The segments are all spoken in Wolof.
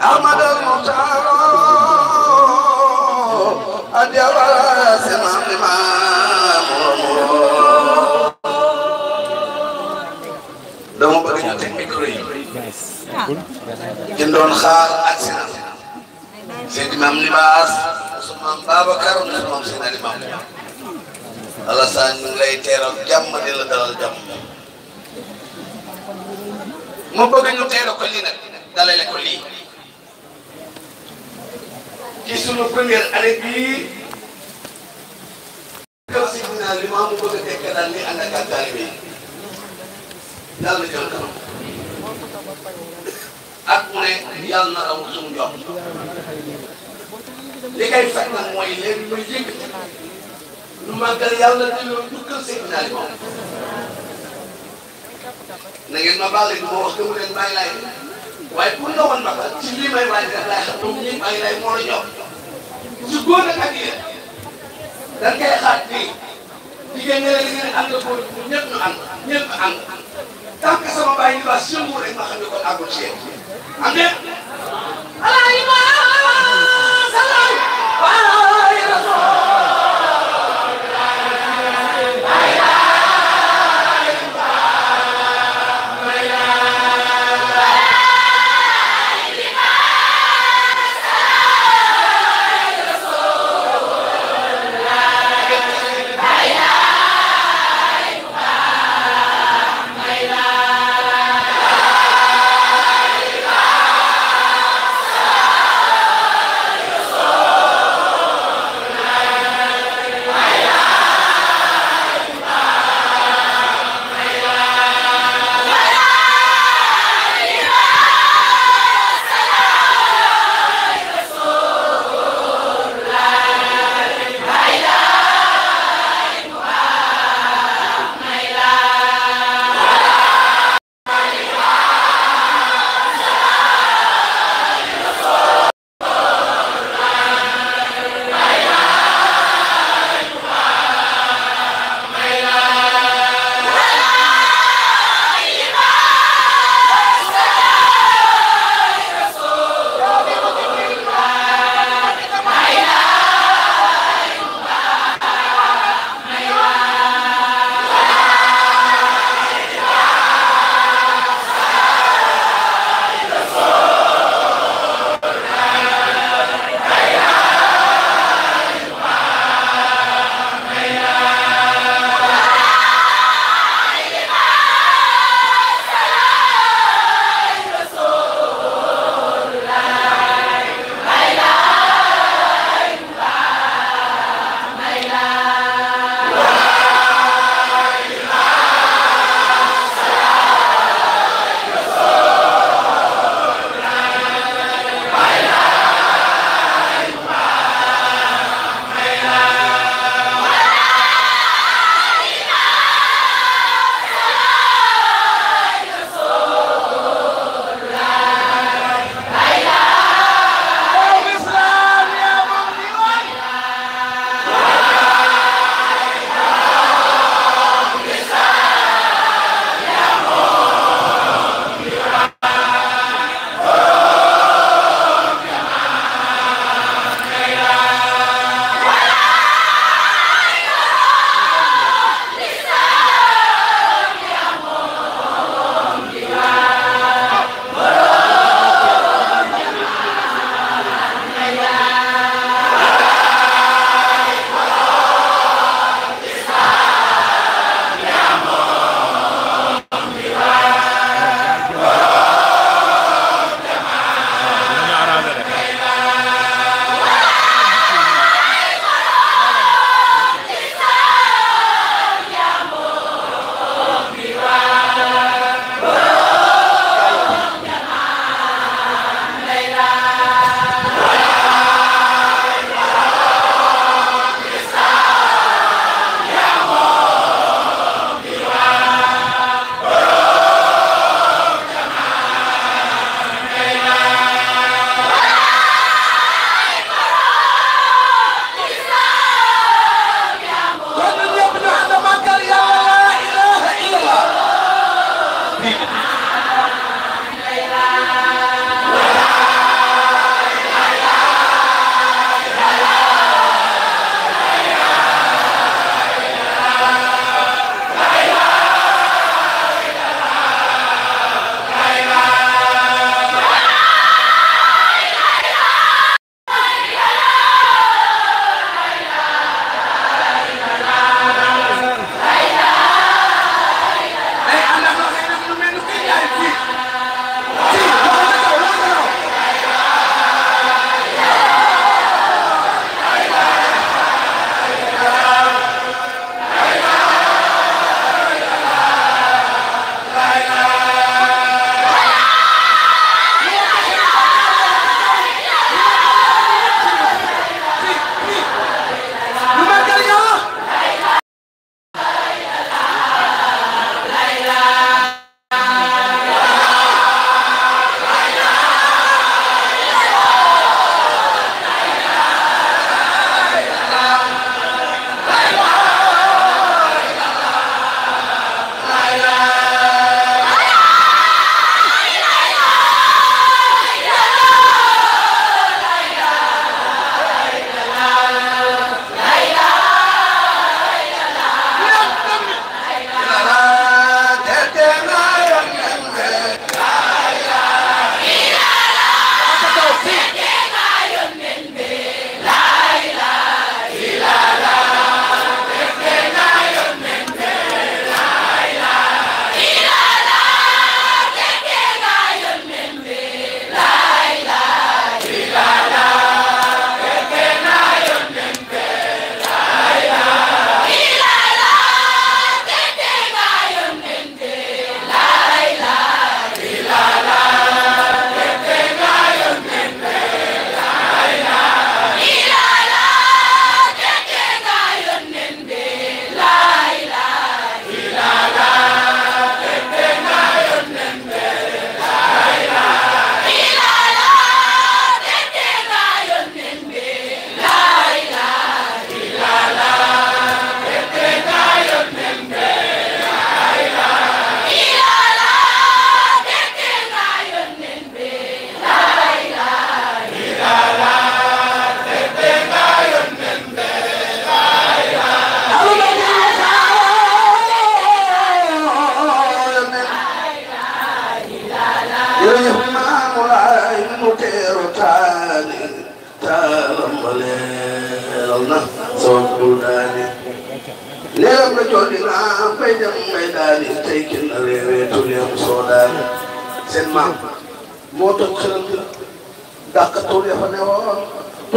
أحمد المختار أديب السمام الإمام dama bëgg ñu teg micro yi ñu doon xaar accident seen imam libaas Ousmane Babacar ne moom seen imam Alassane ñu ngi lay teeral jàmm di la dalal jàmm ma bëgg ñu teeral ko lii dalale lekko lii ci sunu première année bi naan li ma mu bëgg a tekk daal ak ak taalibe yi yàlla na jëm kanam ak mu na raw suñu njort li kay fekk nag mooy léegi muy yëg lu màggal yàlla na delloo bi naan li ma na ngeen ma baale waaye pour nga wan baax ci lii may waaj def laay xam donc ñun ay lay moo la ñor su góor nag ak yéen dañ koy xaat nii jigéen nga ne li ngeen ànd góor pour ñëpp ñu ànd ñëpp ànd tant que sama bàyyi li waa sëngu rek ma xam ne kon àggul ci yéen am na. alaahi wa salaam.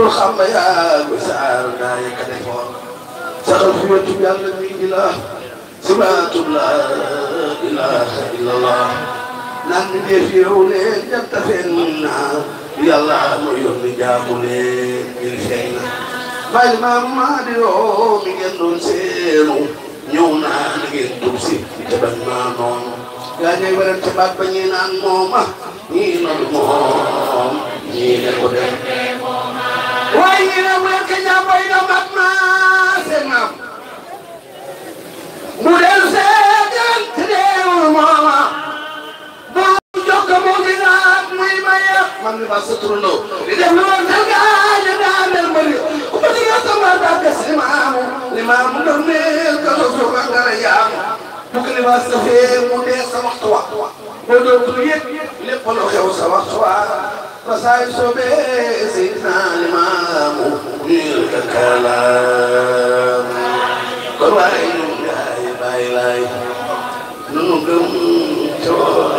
bul xam ne yaa ngi saar daa yegg defoon saxal fi wetu yàlla mi ngi la sibaatu la ilaha illallah naan mi dee fi yow leen ñetta feen naa yàlla ma yónni jaamu leen ngir feeñ na bàyyi maam maa di yoo mi ngeen doon seenu ñëw naa na ngeen tub si te bañ maa noonu yaa ñay werante baat ba ñii naan mooma ñii noonu moom ñii ne ko dem waaye ina wér ka ñàmboy na mat maa seen maam bu del seetal te deewul mooma bu jox ko moo gën a muy maye man mi maa sa turandoo di def lu war tel gaa ñu daa mel ma ni ku ma ci gëstu ma dàgg si maamu li maamu ka doon suuf fee mu dee sa waxtu wa boo doon lu yëpp lépp loo xew sa waxtu wa فساي صبي سيدنا الإمام بيرك كلام قرأي نمي هاي باي لاي نمي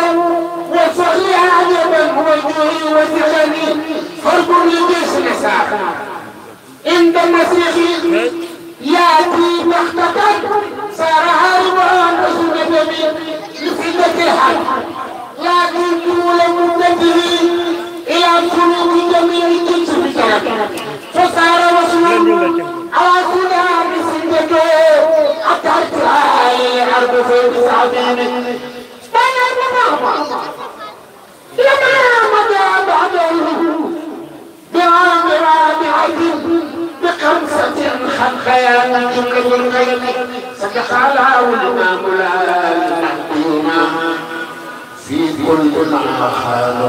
صحي عجبا وجوهي وسكني حرب لجيش ساخا عند المسيح ياتي مختطف صار هارب عن اسود جميل لسنة الحق لكن طول مدته الى قلوب جميع الجنس بشرف فصار مسلوب على كل هذه سنته اتركها الارض في الصعبين كل الخير صدق على الإمام المهدومة في كل محل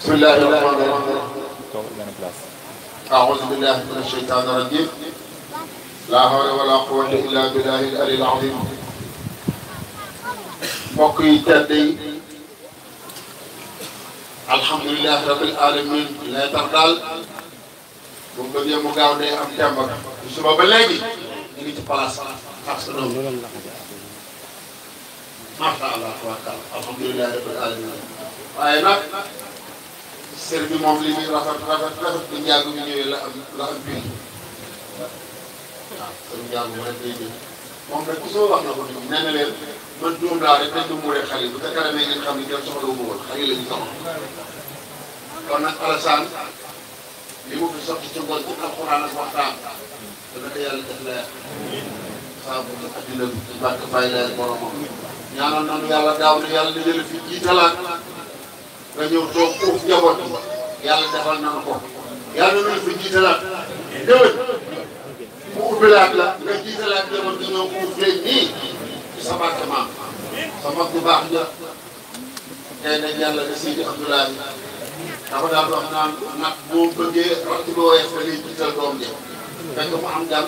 بسم الله الرحمن الرحيم أعوذ بالله من الشيطان الرجيم لا حول ولا قوة إلا بالله العلي العظيم mbokk yi tedd yi alhamdulilah rabbil alamin leetar daal bu mu bëggee mu gaaw day am temb suba ba léegi ñu ngi ci place parce que noonu macha allah tabaraka alhamdulilah rabbil alamin waaye nag sër bi moom li muy rafet rafet rafet bu njàng bi ñëwee la am la am biir waaw sër njàng bi rek day jël moom rek ku soo wax na ko ni nee na leen man juum daa rek dañ ko muuree xale bu ca kanamee ngeen xam ne kenn soxla wu ma woon xale la ñu soxla kon nag Alassane li mu fi sotti ci ngoon ci alxuraan ak waxtaan dana ko yàlla def leer saa bu def addina bi ci barke bàyyi leer boromam ñaanal nañu yàlla daaw na yàlla dajale fi ji talaat nga ñëw toog uuf njaboot bi yàlla defal nañu ko yàlla nañu fi ji talaat déwén mu ubbilaat la nga ji talaat njaboot bi ñëw uuf leen nii sama maam sama bu baax ja tey nañ yàlla de Sidi Abdoulaye dafa daal wax naan nag boo bëggee waxtu boo weesu da ngay jiital doom ja fekk mu am gan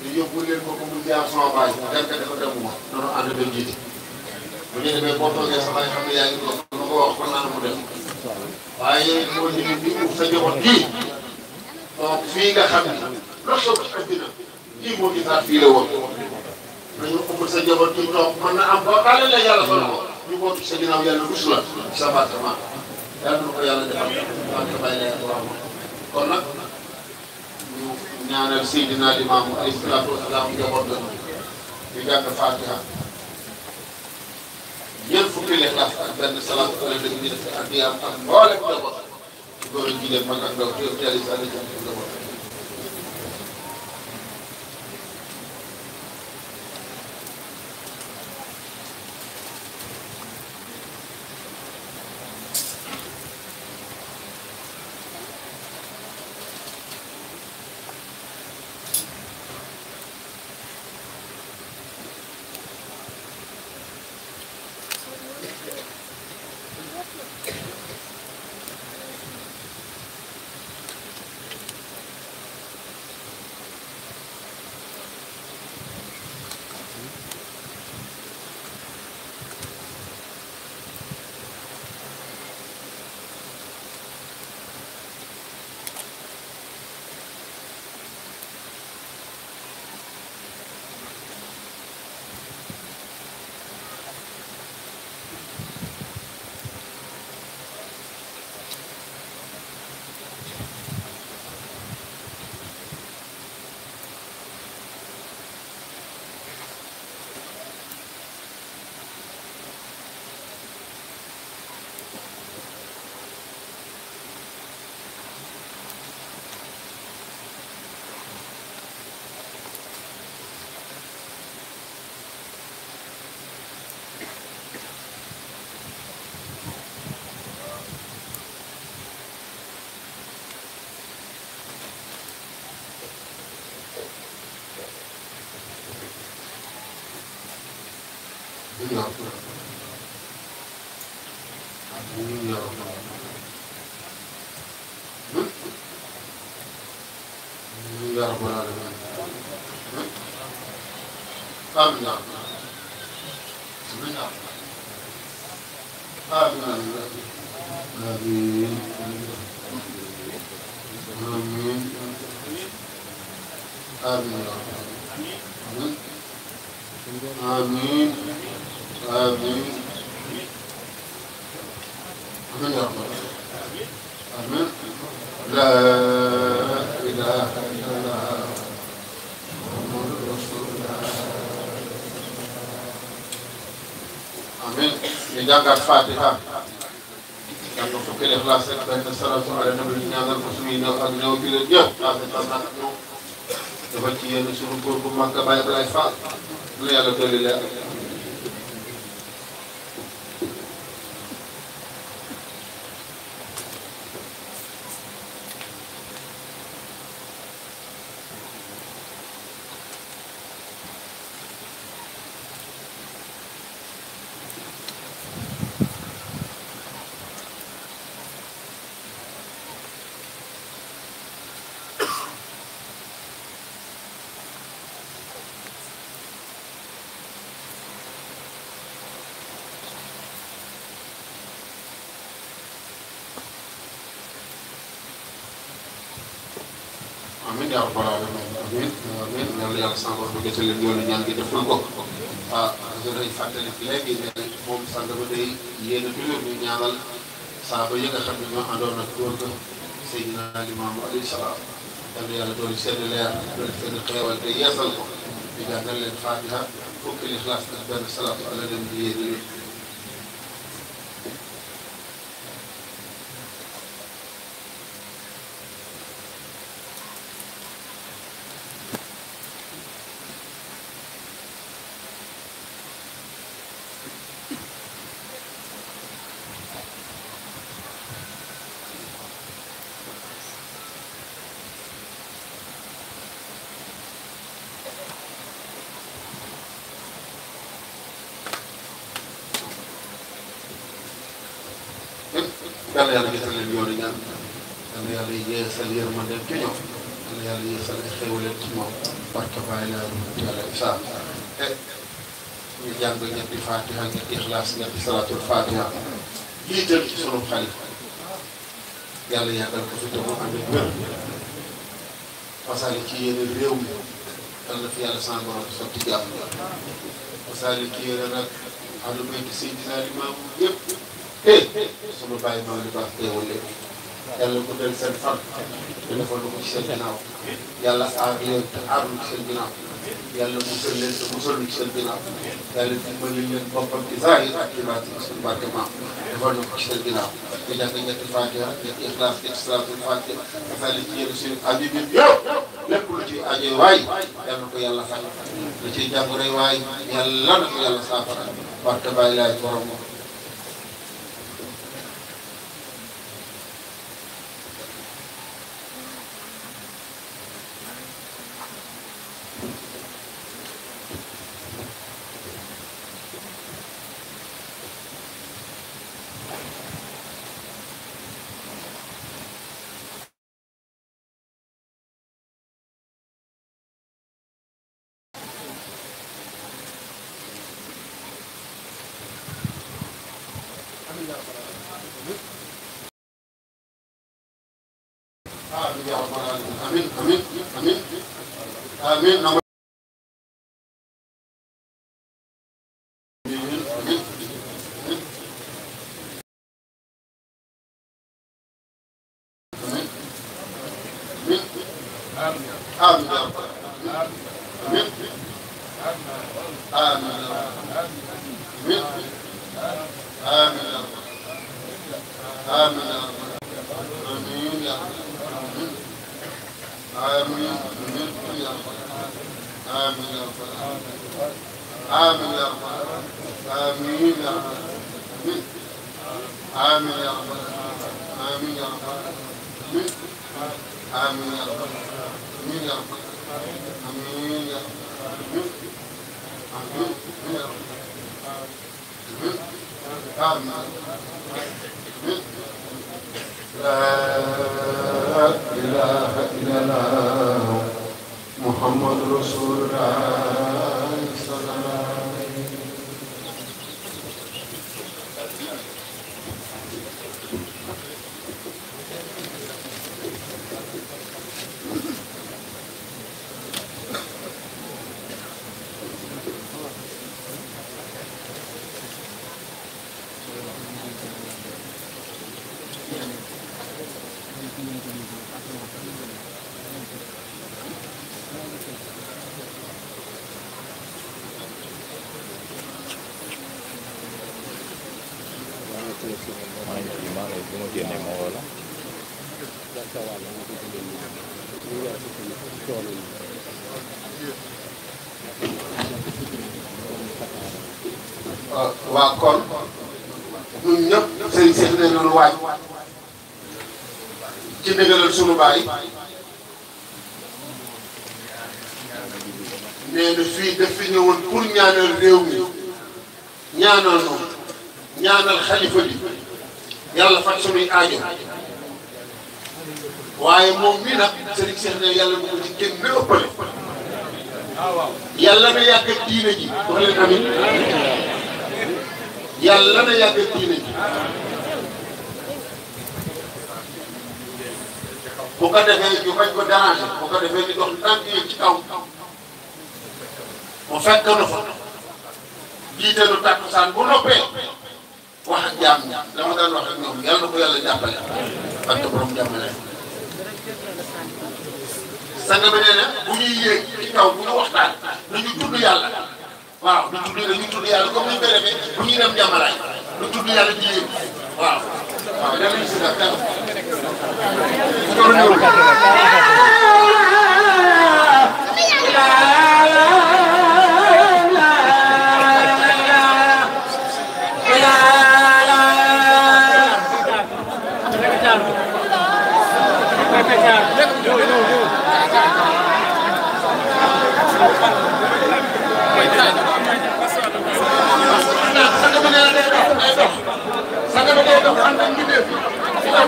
ñu yóbbu leen ko ko mu jaar sama baay dem ka dafa demuma noonu ànd dem jiite bu ñu demee boo toogee sa baay xam ne yaa ngi toog lu ko wax kon naan mu dem waaye yooyu moo ñu di uuf sa njaboot kii donc fii nga xam ne loolu soo ko xaj dina kii moo gisaat fii la woon dañoo ëmbal sa njaboot ñu toog mën na am boo tàllee la yàlla fan ko ñu bootu sa ginnaaw yàlla rus la sa appartement yàlla na ko yàlla defal wante bàyyi la yàlla waxoon kon nag ñu ñaanal Seydina Limaamu alayhi salaatu wa salaam njaboot la ñu jàng Fatiha ñeent fukki lixlaas ak benn salaatu ala nabi ñu def ak diyaam ak mboolem njaboot góor ak jigéen mag ak ndaw teel teel a ñor ak ñu ñor ñu yor am na jàngaat Fatiha jàng fukki Ixlaas ak benn salaatu ala nabi ñaanal ko suñuy néew ak néew bi leen yëpp naa leen tànn ak ñoom dafa ci yenn suñu góor bu mag Baye Abdoulaye Fall lu yàlla dolli leen ak yaa rabbal aalamiin amiin amiin yal na yàlla sànq wax dëgg yàlla ñoo ne ñaan gi deful ko ah dafay fàttali léegi ne moom sax dama day yéen a toujours ñu ñaanal saaba yi nga xam ne ñoo àndoon ak góor ga Seydina Limaamu alayhi salaam yal na yàlla doon seen leer doon seen xeewal te yeesal ko ñu jàngal leen Faatiha fukki Ixlaas ak benn salaatu ala nabi yéen ixlaas nga fi salaatul fatiha jiital ci sunu xalifa yàlla yàggal ko fi te mu amee wér wasaale ci yeneen réew mi fi yàlla san sotti jàmm wasaale ci yeneen nag xam ne béykat si dinaa di maamu yëpp te sunu bàyyi yàlla ko del seen fan te defal yàlla aar leen te aarul ci seen yàlla musal leen te musal ñu seen ginnaaw yàlla dimbali leen boppam ci saa yi ak ci baati suñu barke maam defal ñu ko ci seen ginnaaw ñu jàng ñetti fatiha ak ñetti ixlaas ñetti salaatul fatiha asali ci yéen suñu aji bi yëpp lépp lu ci aje waay yàlla ko yàlla faj lu ciy jàngure waay yàlla na ko yàlla saafara barke bàyyi laay borom آمين يا رب آمين يا رب آمين يا رب آمين يا رب آمين يا رب آمين يا رب آمين يا رب آمين يا رب آمين لا إله إلا الله محمد رسول الله coono yi waaw kon ñun ñëpp sëriñ Seex ne loolu waaj ci sunu baay nee na fii daf fi ñëwoon pour ñaanal réew mi ñaanal moom ñaanal xalifa yàlla faj sunuy aajo waaye moom mii nag Serigne Cheikh ne yàlla bu ko yàlla na yàgg ak diine ji wax leen amin yàlla na yàgg ak ji bu ko defee ñu bañ ko déranger bu ko defee ñu dox tànk yi ci kaw mu fekk na fa jiite lu takkusaan bu noppee wax ak jaam ñi dama daan yàlla na ko yàlla jàppale ak borom sanga bi nee na bu ñuy yéeg ci kaw bu ñu waxtaan nañu tudd yàlla waaw ñu tudd dañuy tudd yàlla comme ni ñu koy defee bu ñuy dem jàmmalaay ñu tudd yàlla ci yéeg waaw waaw dem si nag dem bu doon ñëw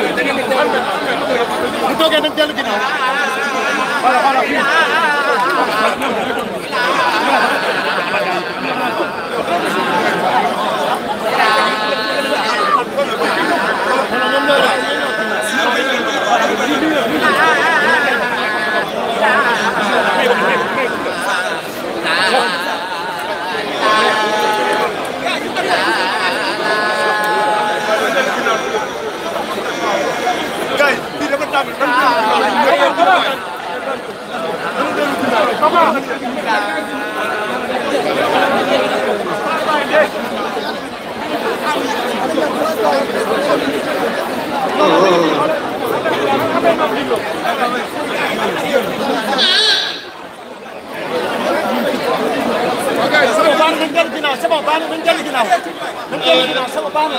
bu toogee nag dellu ginnaaw voilà voilà Thank you. Sabah bana ben deli günah. Ben deli günah. Sabah bana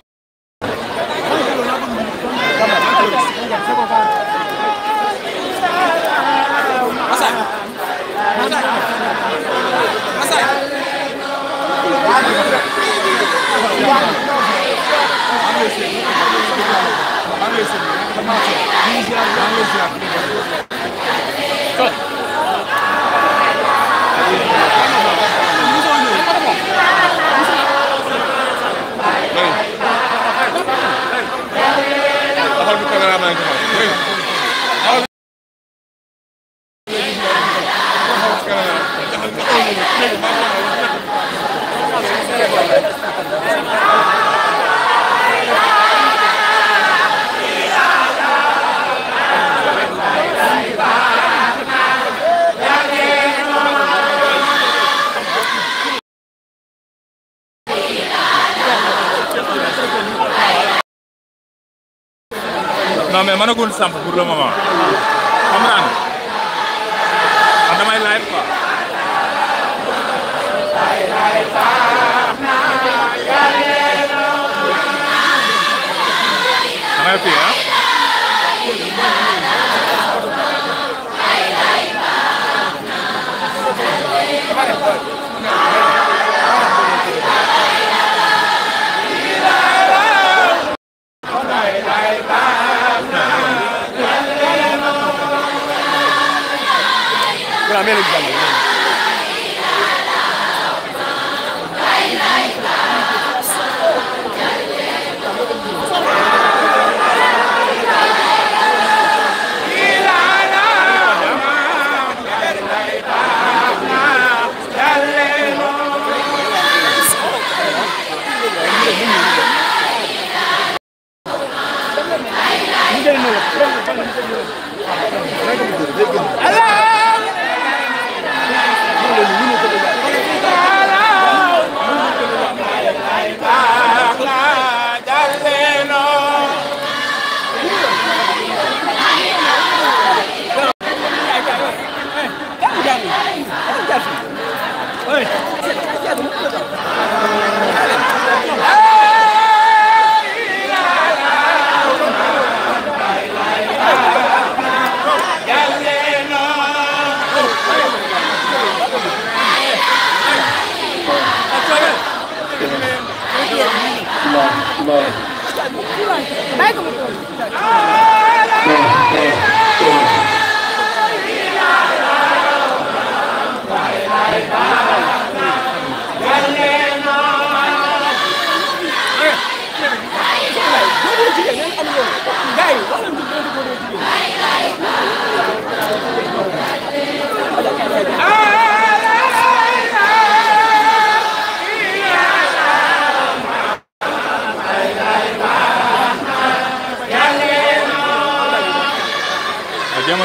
maa ngi lay ziar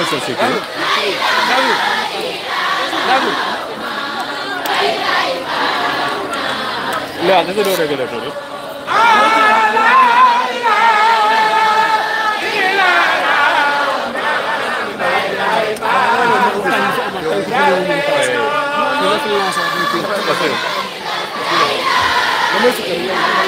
quelle société لا هذا لو رجل Thank you.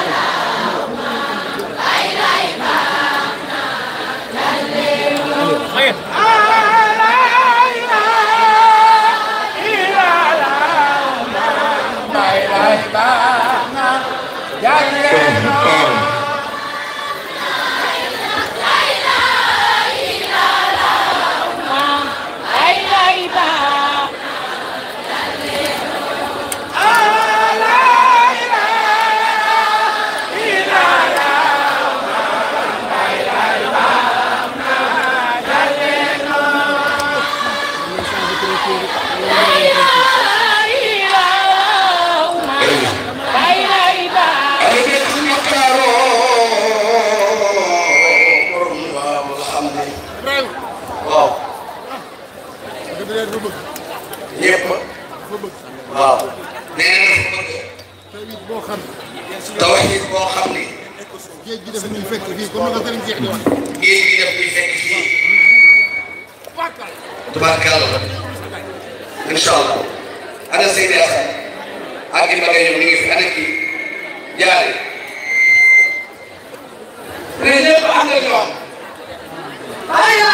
fii comme ni ko sëriñ Cheikh di wax. ngir ñu def buy fekk fii tubaarkàlla incha allah ana Seydi Assane ak i mag ñoom ñu ngi fi ana kii jaare mais ñëpp ànd ak ñoom. wala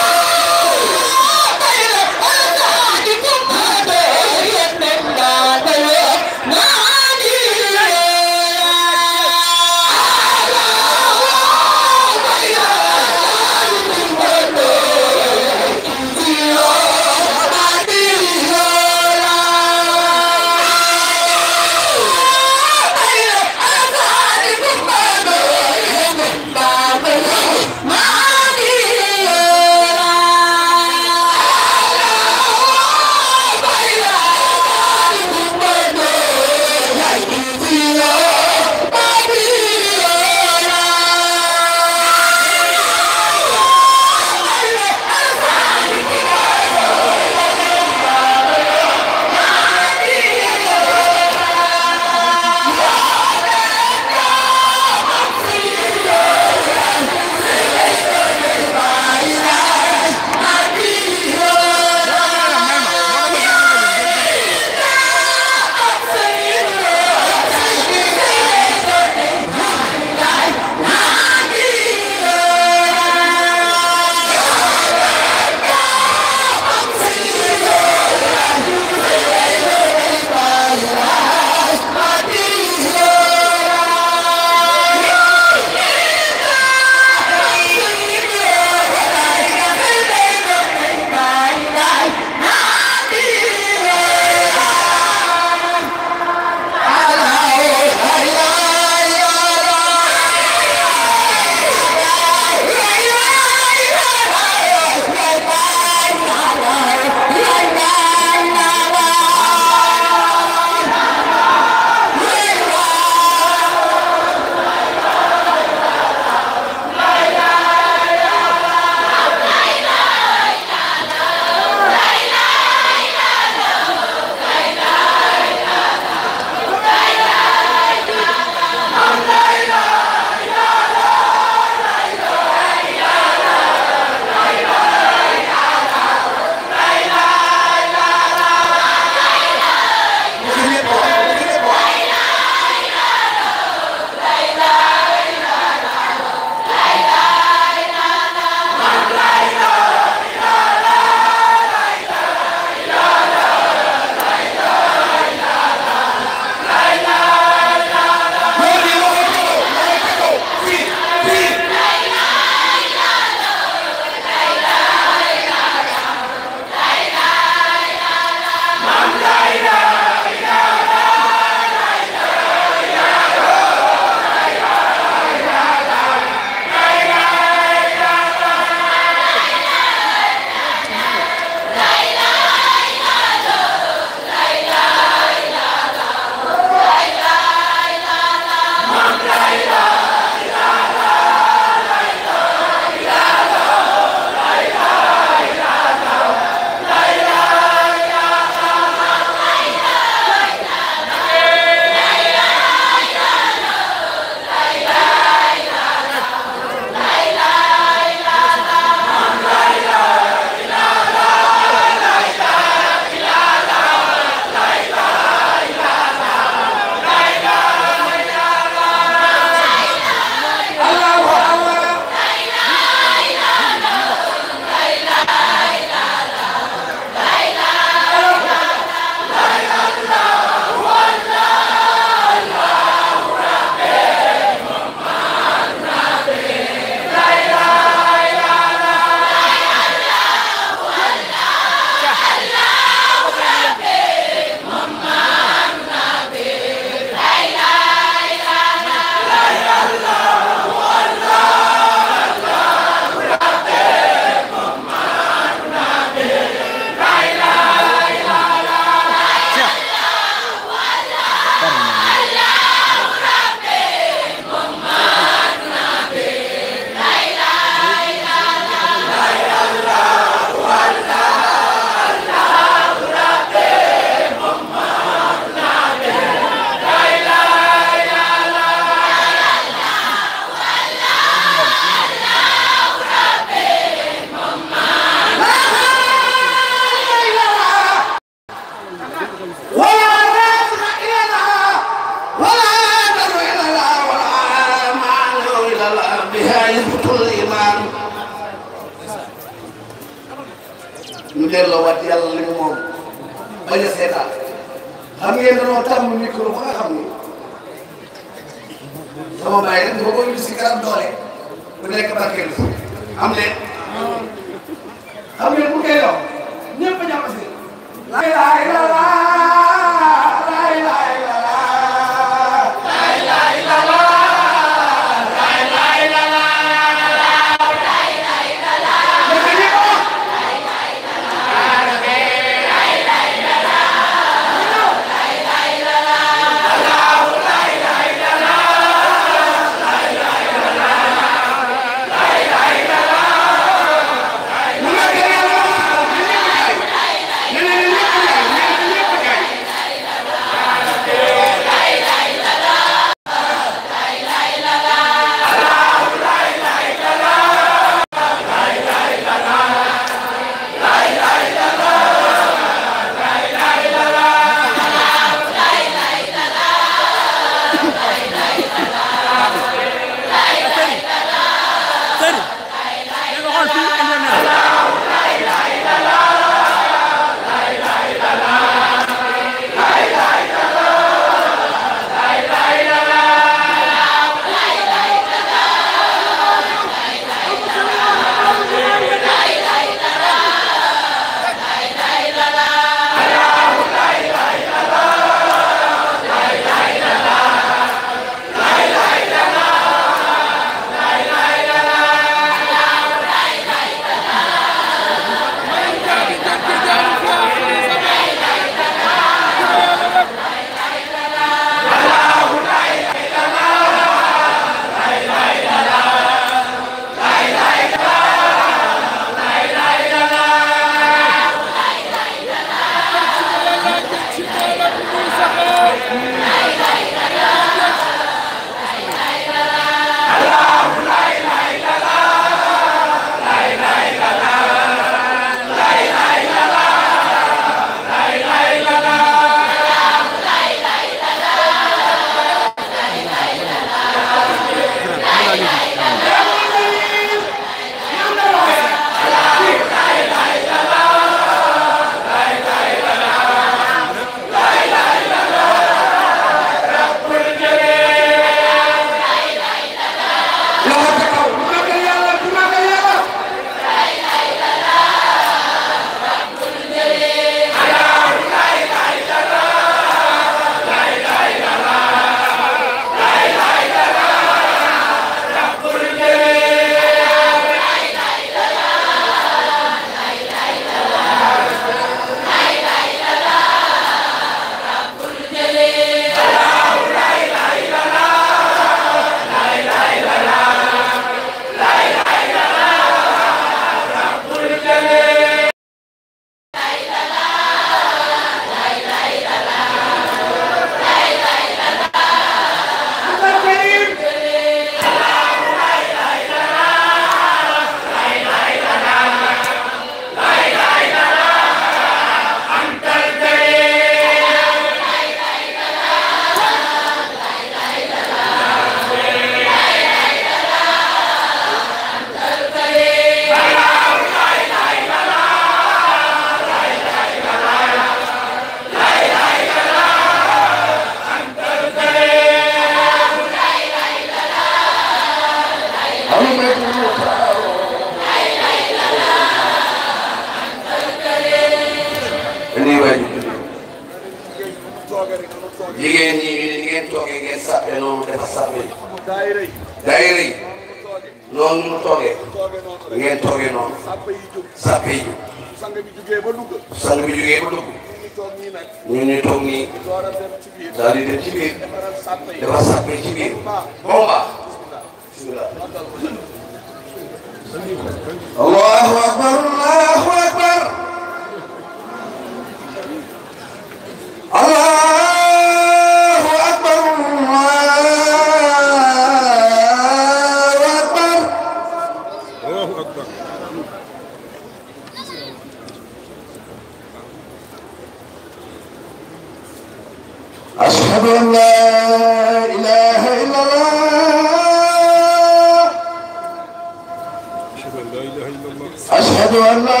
أشهد أن لا